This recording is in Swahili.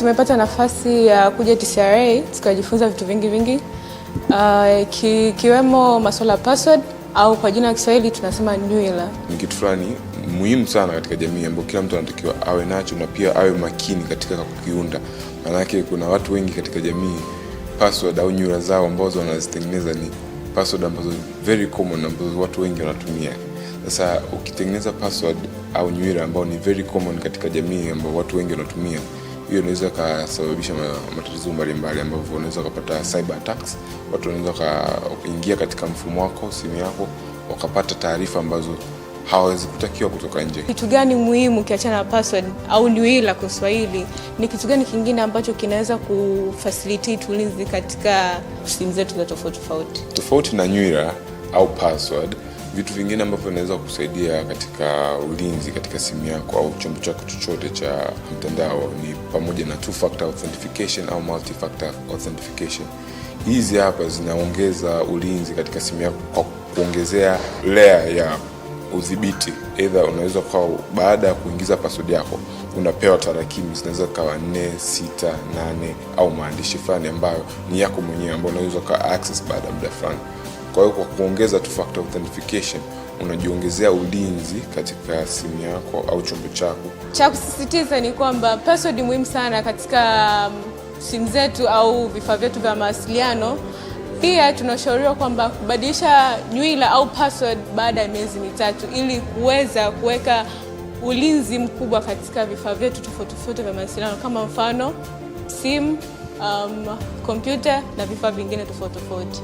tumepata nafasi ya uh, kuja TCRA tukajifunza vitu vingi vingi uh, ki, masuala ya password au kwa jina la Kiswahili tunasema nywila. Ni kitu fulani muhimu sana katika jamii ambayo kila mtu anatakiwa awe nacho na pia awe makini katika kukiunda, maanake kuna watu wengi katika jamii password au nywila zao ambazo wanazitengeneza ni password ambazo very common ambazo watu wengi wanatumia. Sasa ukitengeneza password au nywila ambao ni very common katika jamii ambao watu wengi wanatumia hiyo inaweza kasababisha matatizo mbalimbali ambavyo unaweza kupata cyber attacks. Watu wanaweza wakaingia katika mfumo wako, simu yako, wakapata taarifa ambazo hawawezi kutakiwa kutoka nje. Kitu gani muhimu kiachana na password au nywila kwa Kiswahili, ni kitu gani kingine ambacho kinaweza kufacilitate ulinzi katika simu zetu za tofauti tofauti? Tofauti na nywila au password vitu vingine ambavyo vinaweza kusaidia katika ulinzi katika simu yako au chombo chako chochote cha mtandao ni pamoja na two factor authentication au multi factor authentication. Hizi hapa zinaongeza ulinzi katika simu yako kwa kuongezea lea ya udhibiti. edha unaweza kwa baada ya kuingiza password yako unapewa tarakimu zinaweza kawa nne, sita, nane au maandishi fulani ambayo ni yako mwenyewe ambayo unaweza ukawa access baada ya muda fulani. Kwa hiyo kwa kuongeza tu factor authentication unajiongezea ulinzi katika simu yako au chombo chako. Cha kusisitiza ni kwamba password ni muhimu sana katika um, simu zetu au vifaa vyetu vya mawasiliano. Pia tunashauriwa kwamba kubadilisha nywila au password baada ya miezi mitatu ili kuweza kuweka ulinzi mkubwa katika vifaa vyetu tofauti tofauti vya mawasiliano kama mfano simu, um, kompyuta na vifaa vingine tofauti tofauti.